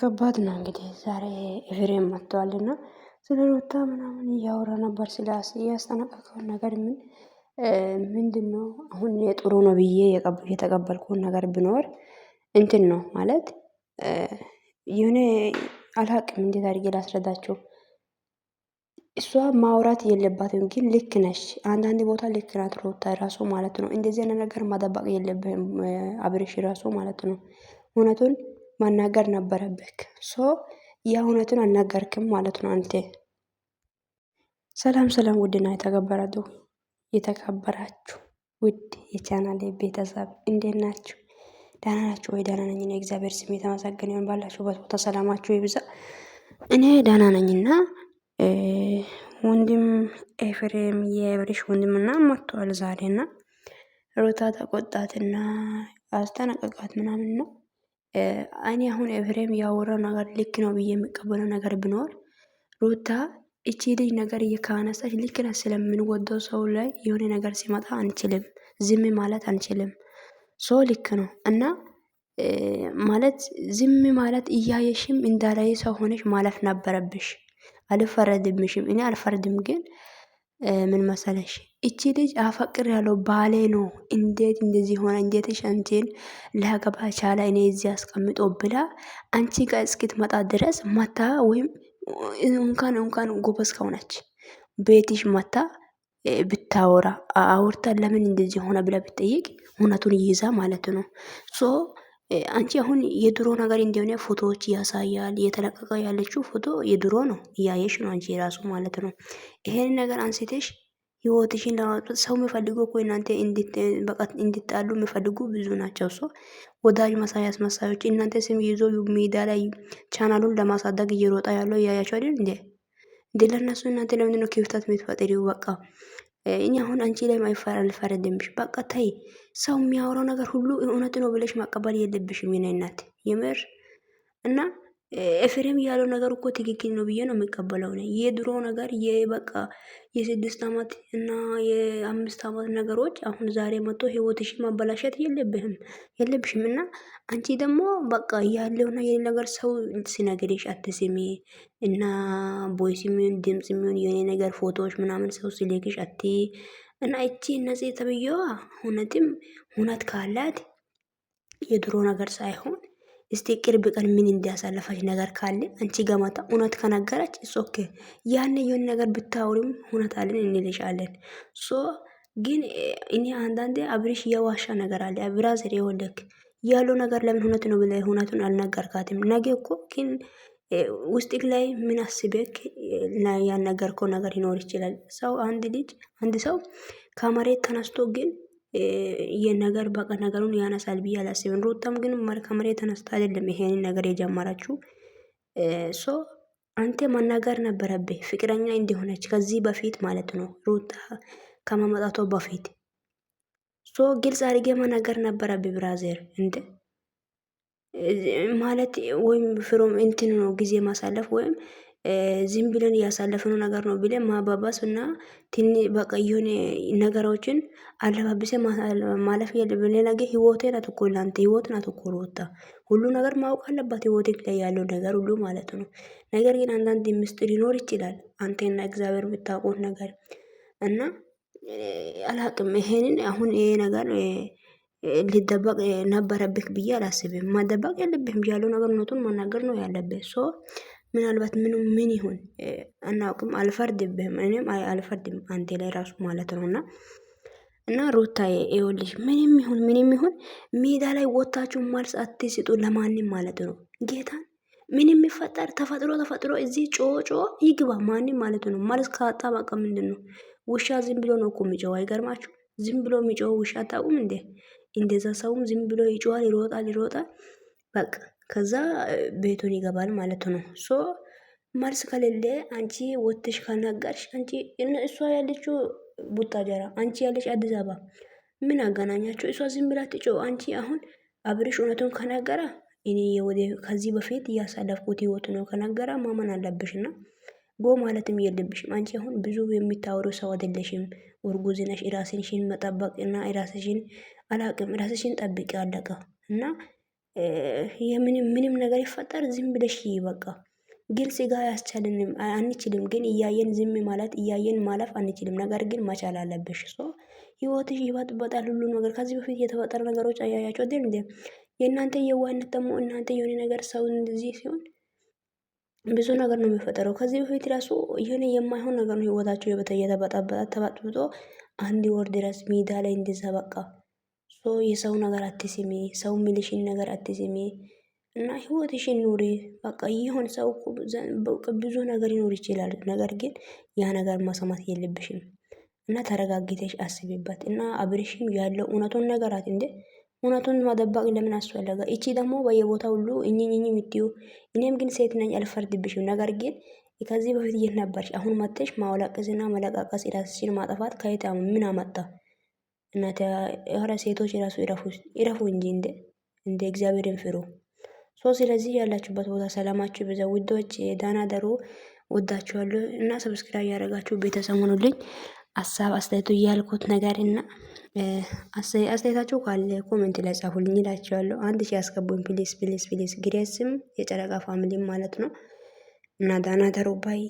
ከባድ ነው እንግዲህ ዛሬ ኤፍሬም መጥተዋል እና ስለ ሩታ ምናምን እያወራ ነበር። ስላስ እያስጠነቀቀውን ነገር ምን ምንድን ነው አሁን የጥሩ ነው ብዬ የተቀበልኩን ነገር ብኖር እንትን ነው ማለት የሆነ አልሀቅም እንዴት አድርጌ ላስረዳቸው። እሷ ማውራት የለባትም ግን ልክ ነሽ፣ አንዳንድ ቦታ ልክ ናት ሩታ ራሱ ማለት ነው። እንደዚህ ነገር ማጠባቅ የለብህም አብርሽ ራሱ ማለት ነው እውነቱን ማናገር ነበረብህ። ሶ ያ እውነቱን አልነገርክም ማለት ነው አንተ። ሰላም ሰላም፣ ውድና የተከበራችሁ የተከበራችሁ ውድ የቻናሌ ቤተሰብ እንዴት ናችሁ? ደህና ናችሁ ወይ? ደህና ነኝ እግዚአብሔር ስም የተመሰገነ ይሁን። ባላችሁበት ቦታ ሰላማችሁ ይብዛ። እኔ ደህና ነኝና ወንድም ኤፍሬም የብሪሽ ወንድምና መጥቷል ዛሬና ሩታ ተቆጣትና አስጠነቀቃት ምናምን ነው እኔ አሁን ኤፍሬም ያወራው ነገር ልክ ነው ብዬ የሚቀበለው ነገር ብኖር ሩታ እቺ ልጅ ነገር እየካነሳች ልክ ነ ስለምንወደው ሰው ላይ የሆነ ነገር ሲመጣ አንችልም፣ ዝም ማለት አንችልም። ሰው ልክ ነው እና ማለት ዝም ማለት እያየሽም እንዳላይ ሰው ሆነሽ ማለፍ ነበረብሽ። አልፈረድምሽም፣ እኔ አልፈረድም ግን ምን መሰለሽ እቺ ልጅ አፈቅር ያለው ባሌ ነው፣ እንዴት እንደዚህ ሆነ፣ እንዴት አንቺን ላገባ ቻለ፣ እኔ እዚህ አስቀምጦ ብላ አንቺ ጋር እስክትመጣ ድረስ መታ ወይም እንኳን እንኳን ጎበዝ ከሆነች ቤትሽ መታ ብታወራ አውርታ ለምን እንደዚህ ሆነ ብላ ብትጠይቅ እውነቱን ይይዛ ማለት ነው። ሶ አንቺ አሁን የድሮ ነገር እንደሆነ ፎቶዎች ያሳያል። እየተለቀቀ ያለችው ፎቶ የድሮ ነው፣ እያየሽ ነው አንቺ የራሱ ማለት ነው። ይሄን ነገር አንስተሽ ህይወትሽን ለማጥፋት ሰው የሚፈልጉ እኮ እናንተ እንድትጣሉ የሚፈልጉ ብዙ ናቸው። ሶ ወዳጅ መሳይ አስመሳዮች እናንተ ስም ይዞ ሜዳ ላይ ቻናሉን ለማሳደግ እየሮጣ ያለው እያያቸው አይደል እንዴ? እንደ ለእነሱ እናንተ ለምንድን ነው ክፍተት የምትፈጥሪው? በቃ እኛ አሁን አንቺ ላይ ማይፈራ ልፈረድብሽ። በቃ ተይ፣ ሰው የሚያወራው ነገር ሁሉ እውነት ነው ብለሽ ማቀበል የለብሽም። የኔ እናት የምር እና ኤፍሬም ያለው ነገር እኮ ትክክል ነው ብዬ ነው የሚቀበለው። ነ የድሮ ነገር የበቃ የስድስት አመት እና የአምስት አመት ነገሮች አሁን ዛሬ መጥቶ ህይወትሽ ማበላሸት የለብህም የለብሽም። እና አንቺ ደግሞ በቃ ያለውና የኔ ነገር ሰው ሲነግርሽ አትስሚ እና ቦይስ የሚሆን ድምፅ የሚሆን የኔ ነገር ፎቶዎች ምናምን ሰው ሲልክሽ አት እና እቺ እነዚህ ተብዬዋ እውነትም እውነት ካላት የድሮ ነገር ሳይሆን እስቲ ቅርብ ቀን ምን እንዲያሳለፈች ነገር ካለ አንቺ ገማታ እውነት ከነገረች እስ ኦኬ ያኔ የሆነ ነገር ብታወሪም እውነት አለን እንልሻለን። ሶ ግን እኔ አንዳንዴ አብርሽ የዋሻ ነገር አለ ብራዘር የወለክ ያለው ነገር ለምን እውነት ነው ብለ እውነቱን አልነገርካትም? ነገ እኮ ግን ውስጥክ ላይ ምን አስቤክ ያነገርከው ነገር ይኖር ይችላል። ሰው አንድ ልጅ አንድ ሰው ከመሬት ተነስቶ ግን የነገር በቃ ነገሩን ያነሳል ብዬ አላስብም። ሩታም ግን መሬት ተነስታ አይደለም ይሄንን ነገር የጀመረችው። ሶ አንተ መናገር ነበረብህ ፍቅረኛ እንደሆነች ከዚህ በፊት ማለት ነው፣ ሩታ ከመመጣቷ በፊት ሶ ግልጽ አድርጌ መናገር ነበረብህ ብራዘር። እንደ ማለት ወይም ፍሮም እንትን ነው ጊዜ ማሳለፍ ወይም ዝም ብለን እያሳለፍነው ነገር ነው ብለን ማባባስ እና ትን በቃ የሆነ ነገሮችን አለባብሰ ማለፍ የለብን። ለነገ ህይወቴን አትኩር፣ ለአንተ ህይወትን አትኩር። ወጣ ሁሉ ነገር ማወቅ አለባት ህይወቴ ላይ ያለው ነገር ሁሉ ማለት ነው። ነገር ግን አንዳንድ ምስጢር ሊኖር ይችላል አንተና እግዚአብሔር የምታውቁት ነገር እና አላቅም። ይሄንን አሁን ይሄ ነገር ሊደበቅ ነበረብህ ብዬ አላስብም። ማደበቅ የለብህም ያለው ነገር እውነቱን መናገር ነው ያለብህ ሶ ምናልባት ምን ምን ይሁን አናውቅም። አልፈርድብህም እኔም አልፈርድም አንቴ ላይ ራሱ ማለት ነው እና እና ሩታዬ ይኸውልሽ ምንም ይሁን ምንም ይሁን ሜዳ ላይ ወታችሁ መልስ አትስጡ ለማንም ማለት ነው። ጌታ ምን የሚፈጠር ተፈጥሮ ተፈጥሮ እዚህ ጮ ጮ ይግባ ማንም ማለት ነው። መልስ ካጣ በቃ ምንድን ነው ውሻ ዝም ብሎ ነው እኮ የሚጮው። አይገርማችሁ? ዝም ብሎ የሚጮው ውሻ አታውቁም እንዴ? እንደዛ ሰውም ዝም ብሎ ይጮዋል፣ ይሮጣል፣ ይሮጣል በቃ ከዛ ቤቱን ይገባል ማለት ነው። ሶ መልስ ከሌለ አንቺ ወጥተሽ ካናገርሽ አንቺ እሷ ያለችው ቡታጀራ አንቺ ያለች አዲስ አበባ ምን አገናኛችሁ? እሷ ዝም ብላ ትጮ። አንቺ አሁን አብርሽ እውነቱን ከናገረ እኔ ወደ ከዚህ በፊት እያሳለፍኩት ህይወት ነው ከናገረ ማመን አለብሽ አለብሽና ጎ ማለትም የለብሽም። አንቺ አሁን ብዙ የሚታወሩ ሰው አይደለሽም። እርጉዝ ነሽ። ራስሽን መጠበቅ እና ራስሽን አላቅም ራስሽን ጠብቂ አለቀ እና ምንም ነገር ይፈጠር ዝም ብለሽ በቃ ግን ስጋ አያስቻልንም አንችልም። ግን እያየን ዝም ማለት እያየን ማለፍ አንችልም። ነገር ግን መቻል አለብሽ። ሶ ህይወትሽ ይበጥበጣል ሁሉ ነገር። ከዚህ በፊት የተፈጠሩ ነገሮች አያያቸው ደ እንዴ? የእናንተ የዋነት ደግሞ እናንተ የሆነ ነገር ሰው እንደዚህ ሲሆን ብዙ ነገር ነው የሚፈጠረው። ከዚህ በፊት ራሱ የሆነ የማይሆን ነገር ነው ህይወታቸው የተበጣበጣ ተባጥብጦ አንድ ወር ድረስ ሜዳ ላይ እንደዛ በቃ ሶ የሰው ነገር አትስሚ፣ ሰው ሚልሽን ነገር አትስሚ እና ህይወትሽን ኑሪ። በቃ ይሁን ሰው ብዙ ነገር ይኖር ይችላል። ነገር ግን ያ ነገር ማሰማት የለብሽም እና ተረጋግተሽ አስቢበት እና አብርሽም ያለው እውነቱን ነገራት እንዴ እውነቱን ማደባቅ ለምን አስፈለገ? እቺ ደግሞ በየቦታ ሁሉ እኝ የምትዩ እኔም ግን ሴት ነኝ አልፈርድብሽም። ነገር ግን ከዚህ በፊት እየት ነበርሽ? አሁን መጥተሽ ማወላቀስና መለቃቀስ ራስሽን ማጠፋት ከየት ምን አመጣ? እናቴ ኧረ ሴቶች የራሱ ይረፉ እንጂ እንደ እንደ እግዚአብሔርን ፍሩ። ሶ ስለዚህ ያላችሁበት ቦታ ሰላማችሁ ብዛ ውዶች፣ የዳና ደሩ ወዳችኋለሁ እና ሰብስክራይብ ያደረጋችሁ ቤተሰብ ሆኑልኝ። ሀሳብ አስተያየቱ እያልኩት ነገር እና አስተያየታችሁ ካለ ኮሜንት ላይ ጻፉልኝ እላችኋለሁ። አንድ ሺ ያስገቡኝ ፕሊስ ፕሊስ ፕሊስ። ግሬስም የጨረቃ ፋሚሊም ማለት ነው እና ዳና ደሩ ባይ